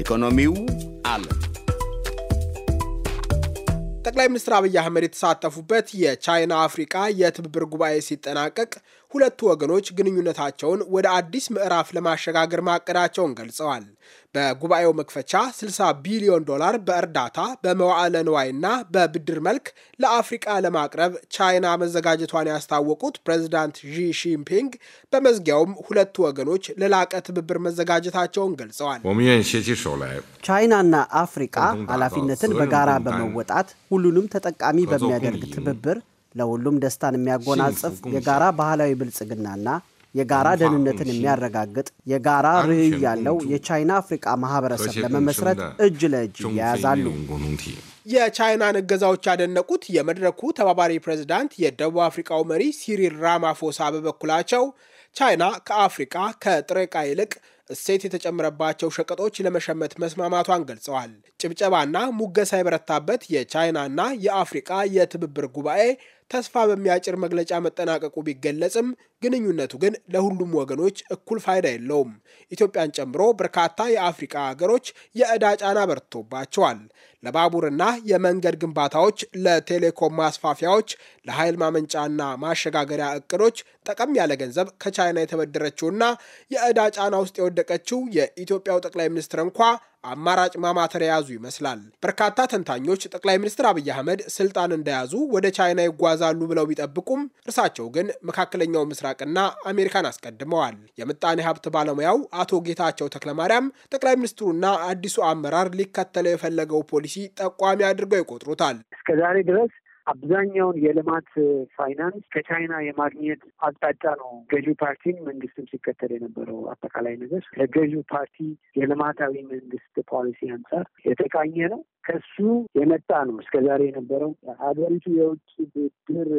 ኢኮኖሚው አለ። ጠቅላይ ሚኒስትር አብይ አህመድ የተሳተፉበት የቻይና አፍሪቃ የትብብር ጉባኤ ሲጠናቀቅ ሁለቱ ወገኖች ግንኙነታቸውን ወደ አዲስ ምዕራፍ ለማሸጋገር ማቀዳቸውን ገልጸዋል። በጉባኤው መክፈቻ 60 ቢሊዮን ዶላር በእርዳታ በመዋዕለ ንዋይና በብድር መልክ ለአፍሪቃ ለማቅረብ ቻይና መዘጋጀቷን ያስታወቁት ፕሬዚዳንት ዢ ጂንፒንግ በመዝጊያውም ሁለቱ ወገኖች ለላቀ ትብብር መዘጋጀታቸውን ገልጸዋል። ቻይናና አፍሪቃ ኃላፊነትን በጋራ በመወጣት ሁሉንም ተጠቃሚ በሚያደርግ ትብብር ለሁሉም ደስታን የሚያጎናጽፍ የጋራ ባህላዊ ብልጽግናና የጋራ ደህንነትን የሚያረጋግጥ የጋራ ርዕይ ያለው የቻይና አፍሪቃ ማህበረሰብ ለመመስረት እጅ ለእጅ ይያያዛሉ። የቻይናን እገዛዎች ያደነቁት የመድረኩ ተባባሪ ፕሬዝዳንት የደቡብ አፍሪቃው መሪ ሲሪል ራማፎሳ በበኩላቸው ቻይና ከአፍሪቃ ከጥሬ ዕቃ ይልቅ እሴት የተጨመረባቸው ሸቀጦች ለመሸመት መስማማቷን ገልጸዋል። ጭብጨባና ሙገሳ የበረታበት የቻይናና የአፍሪቃ የትብብር ጉባኤ ተስፋ በሚያጭር መግለጫ መጠናቀቁ ቢገለጽም ግንኙነቱ ግን ለሁሉም ወገኖች እኩል ፋይዳ የለውም። ኢትዮጵያን ጨምሮ በርካታ የአፍሪቃ ሀገሮች የዕዳ ጫና በርቶባቸዋል። ለባቡርና የመንገድ ግንባታዎች፣ ለቴሌኮም ማስፋፊያዎች፣ ለኃይል ማመንጫና ማሸጋገሪያ እቅዶች ጠቀም ያለ ገንዘብ ከቻይና የተበደረችውና የዕዳ ጫና ውስጥ የወደቀችው የኢትዮጵያው ጠቅላይ ሚኒስትር እንኳ አማራጭ ማማተር የያዙ ይመስላል። በርካታ ተንታኞች ጠቅላይ ሚኒስትር አብይ አህመድ ስልጣን እንደያዙ ወደ ቻይና ይጓዛሉ ብለው ቢጠብቁም እርሳቸው ግን መካከለኛው ምስራቅና አሜሪካን አስቀድመዋል። የምጣኔ ሀብት ባለሙያው አቶ ጌታቸው ተክለማርያም ጠቅላይ ሚኒስትሩና አዲሱ አመራር ሊከተለው የፈለገው ፖሊሲ ጠቋሚ አድርገው ይቆጥሩታል። እስከዛሬ ድረስ አብዛኛውን የልማት ፋይናንስ ከቻይና የማግኘት አቅጣጫ ነው ገዢው ፓርቲን መንግስትም ሲከተል የነበረው አጠቃላይ ነገር ከገዢው ፓርቲ የልማታዊ መንግስት ፖሊሲ አንጻር የተቃኘ ነው። ከሱ የመጣ ነው። እስከዛሬ የነበረው ሀገሪቱ የውጭ ብድር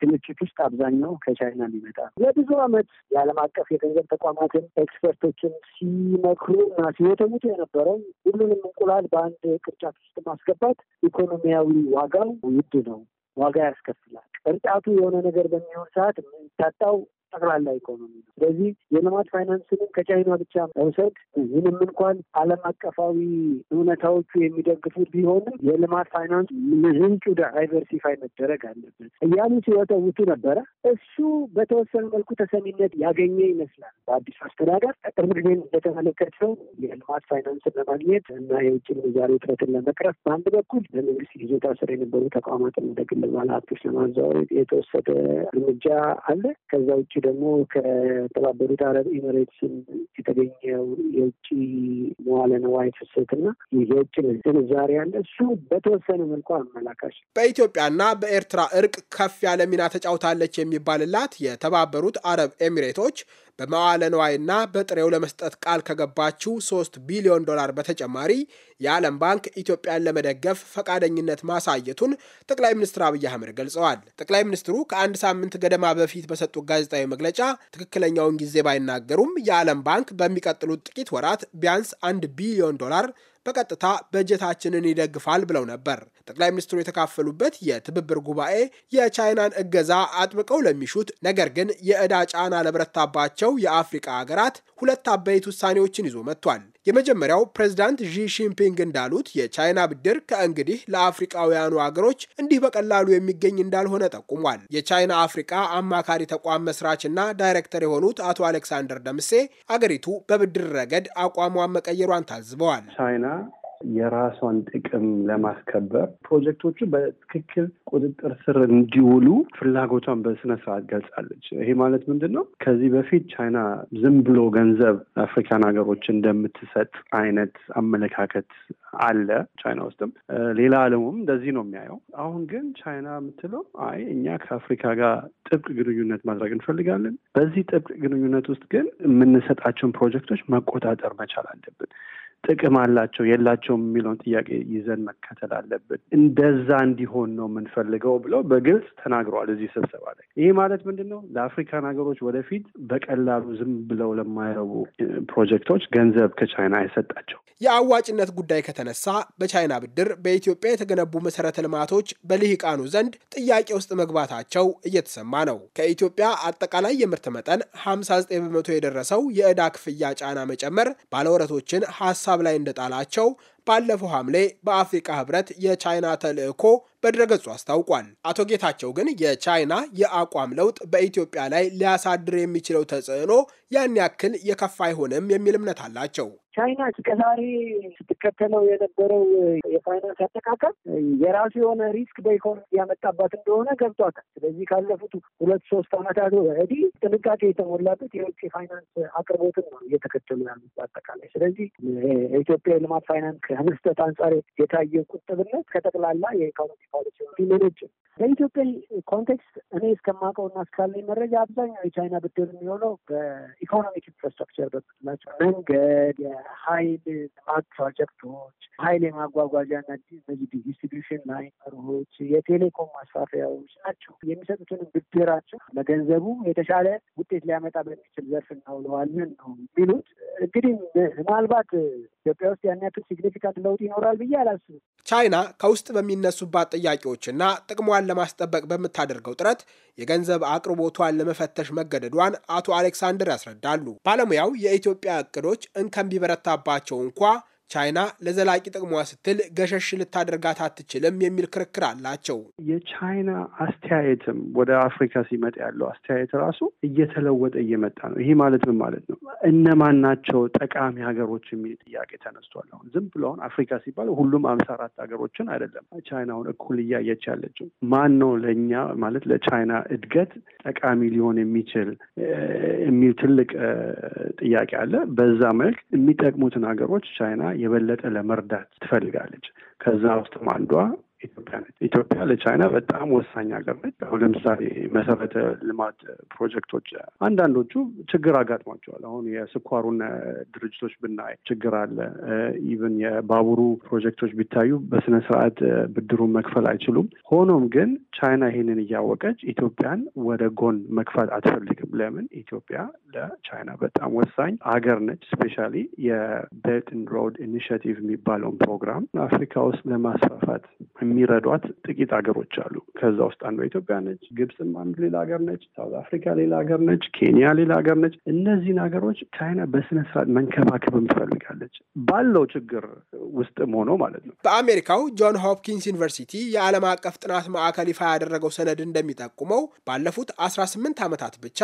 ክምችት ውስጥ አብዛኛው ከቻይና የሚመጣ ነው። ለብዙ ዓመት የዓለም አቀፍ የገንዘብ ተቋማትን ኤክስፐርቶችን ሲመክሩ እና ሲወተውቱ የነበረው ሁሉንም እንቁላል በአንድ ቅርጫት ውስጥ ማስገባት ኢኮኖሚያዊ ዋጋው ውድ ነው፣ ዋጋ ያስከፍላል። ቅርጫቱ የሆነ ነገር በሚሆን ሰዓት የሚታጣው ጠቅላላ ኢኮኖሚ ነው። ስለዚህ የልማት ፋይናንስንም ከቻይና ብቻ መውሰድ ምንም እንኳን ዓለም አቀፋዊ እውነታዎቹ የሚደግፉት ቢሆንም የልማት ፋይናንስ ምንጩ ዳይቨርሲፋይ መደረግ አለበት እያሉ ሲወተውቱ ነበረ። እሱ በተወሰነ መልኩ ተሰሚነት ያገኘ ይመስላል። በአዲሱ አስተዳደር ቅርብ ጊዜ እንደተመለከተው የልማት ፋይናንስን ለማግኘት እና የውጭ ምንዛሪ ውጥረትን ለመቅረፍ በአንድ በኩል በመንግስት ይዞታ ስር የነበሩ ተቋማትን ወደ ግል ባለ ለማዛወር የተወሰደ እርምጃ አለ። ከዛ ውጭ ደግሞ ከተባበሩት አረብ ኤሚሬትስ የተገኘው የውጭ መዋለ ነዋይ ፍሰትና የውጭ ምንዛሪ ያለ እሱ በተወሰነ መልኩ አመላካሽ። በኢትዮጵያና በኤርትራ እርቅ ከፍ ያለ ሚና ተጫውታለች የሚባልላት የተባበሩት አረብ ኤሚሬቶች በመዋለ ነዋይና በጥሬው ለመስጠት ቃል ከገባችው ሶስት ቢሊዮን ዶላር በተጨማሪ የዓለም ባንክ ኢትዮጵያን ለመደገፍ ፈቃደኝነት ማሳየቱን ጠቅላይ ሚኒስትር አብይ አህመድ ገልጸዋል። ጠቅላይ ሚኒስትሩ ከአንድ ሳምንት ገደማ በፊት በሰጡት ጋዜጣዊ መግለጫ ትክክለኛውን ጊዜ ባይናገሩም የዓለም ባንክ በሚቀጥሉት ጥቂት ወራት ቢያንስ አንድ ቢሊዮን ዶላር በቀጥታ በጀታችንን ይደግፋል ብለው ነበር። ጠቅላይ ሚኒስትሩ የተካፈሉበት የትብብር ጉባኤ የቻይናን እገዛ አጥብቀው ለሚሹት ነገር ግን የዕዳ ጫና ለበረታባቸው የአፍሪቃ ሀገራት ሁለት አበይት ውሳኔዎችን ይዞ መጥቷል። የመጀመሪያው ፕሬዝዳንት ዢ ሺንፒንግ እንዳሉት የቻይና ብድር ከእንግዲህ ለአፍሪቃውያኑ አገሮች እንዲህ በቀላሉ የሚገኝ እንዳልሆነ ጠቁሟል። የቻይና አፍሪቃ አማካሪ ተቋም መስራችና ዳይሬክተር የሆኑት አቶ አሌክሳንደር ደምሴ አገሪቱ በብድር ረገድ አቋሟን መቀየሯን ታዝበዋል። ቻይና የራሷን ጥቅም ለማስከበር ፕሮጀክቶቹ በትክክል ቁጥጥር ስር እንዲውሉ ፍላጎቷን በስነስርዓት ገልጻለች። ይሄ ማለት ምንድን ነው? ከዚህ በፊት ቻይና ዝም ብሎ ገንዘብ አፍሪካን ሀገሮች እንደምትሰጥ አይነት አመለካከት አለ ቻይና ውስጥም፣ ሌላ ዓለሙም እንደዚህ ነው የሚያየው። አሁን ግን ቻይና የምትለው አይ እኛ ከአፍሪካ ጋር ጥብቅ ግንኙነት ማድረግ እንፈልጋለን። በዚህ ጥብቅ ግንኙነት ውስጥ ግን የምንሰጣቸውን ፕሮጀክቶች መቆጣጠር መቻል አለብን። ጥቅም አላቸው የላቸውም የሚለውን ጥያቄ ይዘን መከተል አለብን። እንደዛ እንዲሆን ነው የምንፈልገው ብለው በግልጽ ተናግረዋል እዚህ ስብሰባ ላይ። ይህ ማለት ምንድን ነው? ለአፍሪካን ሀገሮች ወደፊት በቀላሉ ዝም ብለው ለማይረቡ ፕሮጀክቶች ገንዘብ ከቻይና አይሰጣቸው። የአዋጭነት ጉዳይ ከተነሳ በቻይና ብድር በኢትዮጵያ የተገነቡ መሰረተ ልማቶች በልሂቃኑ ዘንድ ጥያቄ ውስጥ መግባታቸው እየተሰማ ነው። ከኢትዮጵያ አጠቃላይ የምርት መጠን 59 በመቶ የደረሰው የዕዳ ክፍያ ጫና መጨመር ባለወረቶችን ሀሳብ ሀሳብ ላይ እንደጣላቸው ባለፈው ሐምሌ በአፍሪካ ህብረት የቻይና ተልዕኮ በድረገጹ አስታውቋል። አቶ ጌታቸው ግን የቻይና የአቋም ለውጥ በኢትዮጵያ ላይ ሊያሳድር የሚችለው ተጽዕኖ ያን ያክል የከፋ አይሆንም የሚል እምነት አላቸው። ቻይና እስከዛሬ ስትከተለው የነበረው የፋይናንስ አጠቃቀም የራሱ የሆነ ሪስክ በኢኮኖሚ ያመጣባት እንደሆነ ገብቷታል። ስለዚህ ካለፉት ሁለት ሶስት ዓመታት ወዲህ ጥንቃቄ የተሞላበት የውጭ ፋይናንስ አቅርቦትን ነው እየተከተሉ ያሉት አጠቃላይ። ስለዚህ የኢትዮጵያ የልማት ፋይናንስ ከመስጠት አንጻር የታየው ቁጥብነት ከጠቅላላ የኢኮኖሚ ፖሊሲ ሊመነጭ በኢትዮጵያ ኮንቴክስት እኔ እስከማውቀው እና እስካለኝ መረጃ አብዛኛው የቻይና ብድር የሚሆነው በኢኮኖሚክ ኢንፍራስትራክቸር በምትላቸው መንገድ፣ የሀይል ልማት ፕሮጀክቶች፣ ሀይል የማጓጓዣ እና ዲስትሪቢሽን ላይኖች፣ የቴሌኮም ማስፋፊያዎች ናቸው። የሚሰጡትንም ብድራቸው ለገንዘቡ የተሻለ ውጤት ሊያመጣ በሚችል ዘርፍ እናውለዋለን ነው የሚሉት። እንግዲህ ምናልባት ኢትዮጵያ ውስጥ ያን ያክል ሲግኒፊካንት ለውጥ ይኖራል ብዬ አላስብም። ቻይና ከውስጥ በሚነሱባት ጥያቄዎችና ጥቅሟን ለማስጠበቅ በምታደርገው ጥረት የገንዘብ አቅርቦቷን ለመፈተሽ መገደዷን አቶ አሌክሳንደር ያስረዳሉ። ባለሙያው የኢትዮጵያ እቅዶች እንከን ቢበረታባቸው እንኳ ቻይና ለዘላቂ ጥቅሟ ስትል ገሸሽ ልታደርጋት አትችልም የሚል ክርክር አላቸው። የቻይና አስተያየትም ወደ አፍሪካ ሲመጣ ያለው አስተያየት ራሱ እየተለወጠ እየመጣ ነው። ይሄ ማለት ምን ማለት ነው? እነማን ናቸው ጠቃሚ ሀገሮች የሚል ጥያቄ ተነስቷል። አሁን ዝም ብሎ አሁን አፍሪካ ሲባል ሁሉም አምሳ አራት ሀገሮችን አይደለም ቻይናውን እኩል እያየች ያለችው ማን ነው ለእኛ ማለት ለቻይና እድገት ጠቃሚ ሊሆን የሚችል የሚል ትልቅ ጥያቄ አለ። በዛ መልክ የሚጠቅሙትን ሀገሮች ቻይና የበለጠ ለመርዳት ትፈልጋለች። ከዛ ውስጥም አንዷ ኢትዮጵያ ነች። ኢትዮጵያ ለቻይና በጣም ወሳኝ ሀገር ነች። አሁን ለምሳሌ መሰረተ ልማት ፕሮጀክቶች አንዳንዶቹ ችግር አጋጥሟቸዋል። አሁን የስኳሩን ድርጅቶች ብናይ ችግር አለ። ኢቨን የባቡሩ ፕሮጀክቶች ቢታዩ በስነ ስርዓት ብድሩን መክፈል አይችሉም። ሆኖም ግን ቻይና ይህንን እያወቀች ኢትዮጵያን ወደ ጎን መክፈል አትፈልግም። ለምን ኢትዮጵያ ለቻይና በጣም ወሳኝ ሀገር ነች። ስፔሻሊ የቤልት ኤንድ ሮድ ኢኒሽቲቭ የሚባለውን ፕሮግራም አፍሪካ ውስጥ ለማስፋፋት የሚረዷት ጥቂት ሀገሮች አሉ። ከዛ ውስጥ አንዷ ኢትዮጵያ ነች። ግብፅም አንድ ሌላ ሀገር ነች። ሳውዝ አፍሪካ ሌላ ሀገር ነች። ኬንያ ሌላ ሀገር ነች። እነዚህን ሀገሮች ቻይና በስነስርዓት መንከባከብ ትፈልጋለች፣ ባለው ችግር ውስጥም ሆኖ ማለት ነው። በአሜሪካው ጆን ሆፕኪንስ ዩኒቨርሲቲ የዓለም አቀፍ ጥናት ማዕከል ይፋ ያደረገው ሰነድ እንደሚጠቁመው ባለፉት አስራ ስምንት ዓመታት ብቻ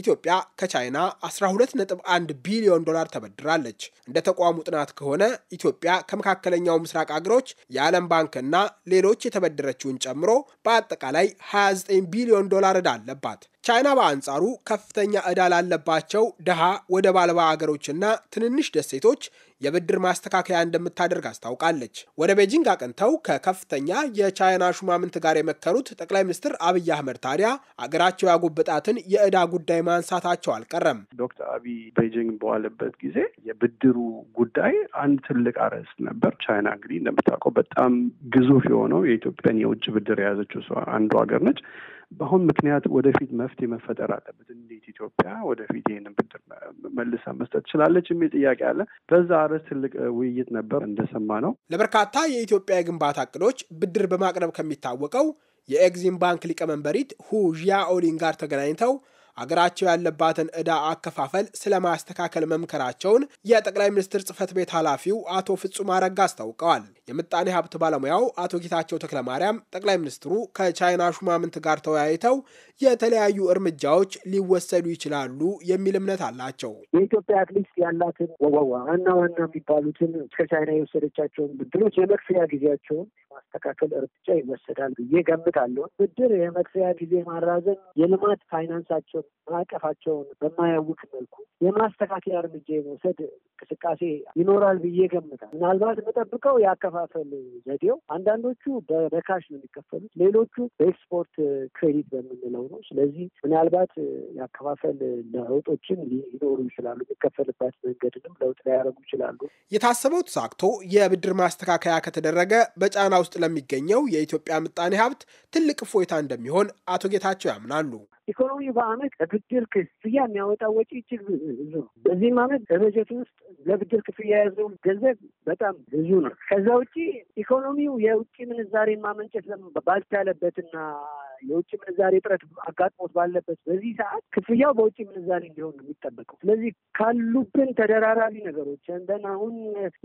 ኢትዮጵያ ከቻይና 12.1 ቢሊዮን ዶላር ተበድራለች። እንደ ተቋሙ ጥናት ከሆነ ኢትዮጵያ ከመካከለኛው ምስራቅ አገሮች የዓለም ባንክና ሌሎች የተበደረችውን ጨምሮ በአጠቃላይ 29 ቢሊዮን ዶላር ዕዳ አለባት። ቻይና በአንጻሩ ከፍተኛ ዕዳ ላለባቸው ድሃ ወደብ አልባ አገሮችና ትንንሽ ደሴቶች የብድር ማስተካከያ እንደምታደርግ አስታውቃለች። ወደ ቤጂንግ አቅንተው ከከፍተኛ የቻይና ሹማምንት ጋር የመከሩት ጠቅላይ ሚኒስትር አብይ አህመድ ታዲያ አገራቸው ያጎበጣትን የዕዳ ጉዳይ ማንሳታቸው አልቀረም። ዶክተር አብይ ቤጂንግ በዋለበት ጊዜ የብድሩ ጉዳይ አንድ ትልቅ አርዕስት ነበር። ቻይና እንግዲህ እንደምታውቀው በጣም ግዙፍ የሆነው የኢትዮጵያን የውጭ ብድር የያዘችው አንዱ ሀገር ነች። በአሁን ምክንያት ወደፊት መፍትሄ መፈጠር አለበት። እንዴት ኢትዮጵያ ወደፊት ይህንን ብድር መልሳ መስጠት ትችላለች የሚል ጥያቄ አለ። በዛ አረስ ትልቅ ውይይት ነበር እንደሰማ ነው። ለበርካታ የኢትዮጵያ የግንባታ እቅዶች ብድር በማቅረብ ከሚታወቀው የኤግዚም ባንክ ሊቀመንበሪት ሁ ጂያኦሊን ጋር ተገናኝተው አገራቸው ያለባትን ዕዳ አከፋፈል ስለማስተካከል መምከራቸውን የጠቅላይ ሚኒስትር ጽህፈት ቤት ኃላፊው አቶ ፍጹም አረጋ አስታውቀዋል። የምጣኔ ሀብት ባለሙያው አቶ ጌታቸው ተክለማርያም ጠቅላይ ሚኒስትሩ ከቻይና ሹማምንት ጋር ተወያይተው የተለያዩ እርምጃዎች ሊወሰዱ ይችላሉ የሚል እምነት አላቸው። የኢትዮጵያ አትሊስት ያላትን ዋና ዋና የሚባሉትን ከቻይና የወሰደቻቸውን ብድሮች የመክፈያ ጊዜያቸውን ማስተካከል እርምጃ ይወሰዳል ብዬ ገምታለሁ። ብድር የመክፈያ ጊዜ ማራዘን የልማት ፋይናንሳቸው ማዕቀፋቸውን በማያውቅ መልኩ የማስተካከያ እርምጃ የመውሰድ እንቅስቃሴ ይኖራል ብዬ ገምታል። ምናልባት የምጠብቀው የአከፋፈል ዘዴው አንዳንዶቹ በካሽ ነው የሚከፈሉት፣ ሌሎቹ በኤክስፖርት ክሬዲት በምንለው ነው። ስለዚህ ምናልባት የአከፋፈል ለውጦችን ሊኖሩ ይችላሉ። የሚከፈልበት መንገድንም ለውጥ ሊያደርጉ ይችላሉ። የታሰበው ተሳክቶ የብድር ማስተካከያ ከተደረገ በጫና ውስጥ ለሚገኘው የኢትዮጵያ ምጣኔ ሀብት ትልቅ እፎይታ እንደሚሆን አቶ ጌታቸው ያምናሉ። ኢኮኖሚ በአመት ለብድር ክፍያ የሚያወጣው ወጪ እጅግ ብዙ ነው። በዚህም አመት በበጀቱ ውስጥ ለብድር ክፍያ የያዘው ገንዘብ በጣም ብዙ ነው። ከዛ ውጭ ኢኮኖሚው የውጭ ምንዛሬ ማመንጨት ባልቻለበትና የውጭ ምንዛሬ እጥረት አጋጥሞት ባለበት በዚህ ሰዓት ክፍያው በውጭ ምንዛሬ እንዲሆን ነው የሚጠበቀው። ስለዚህ ካሉብን ተደራራቢ ነገሮች እንደን አሁን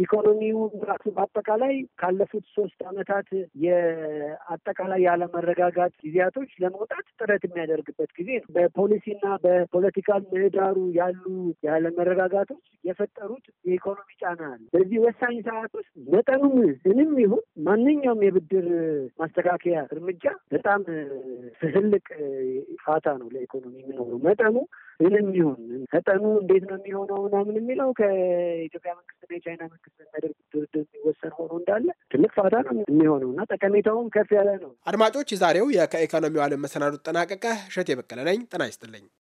ኢኮኖሚው ራሱ በአጠቃላይ ካለፉት ሶስት አመታት የአጠቃላይ ያለመረጋጋት ጊዜያቶች ለመውጣት ጥረት የሚያደርግበት በምናይበት ጊዜ በፖሊሲና በፖለቲካል ምህዳሩ ያሉ ያለመረጋጋቶች የፈጠሩት የኢኮኖሚ ጫና አለ። በዚህ ወሳኝ ሰዓት ውስጥ መጠኑም ምንም ይሁን ማንኛውም የብድር ማስተካከያ እርምጃ በጣም ትልቅ ፋታ ነው ለኢኮኖሚ የሚኖሩ መጠኑ ምንም ይሁን መጠኑ እንዴት ነው የሚሆነው ምናምን የሚለው ከኢትዮጵያ መንግስትና የቻይና መንግስት በሚያደርግ ድርድር የሚወሰን ሆኖ እንዳለ ትልቅ ፋታ ነው የሚሆነው እና ጠቀሜታውም ከፍ ያለ ነው። አድማጮች፣ የዛሬው የከኢኮኖሚው ዓለም መሰናዶ ተጠናቀቀ። እሸቴ በቀለ ነኝ። ጤና ይስጥልኝ።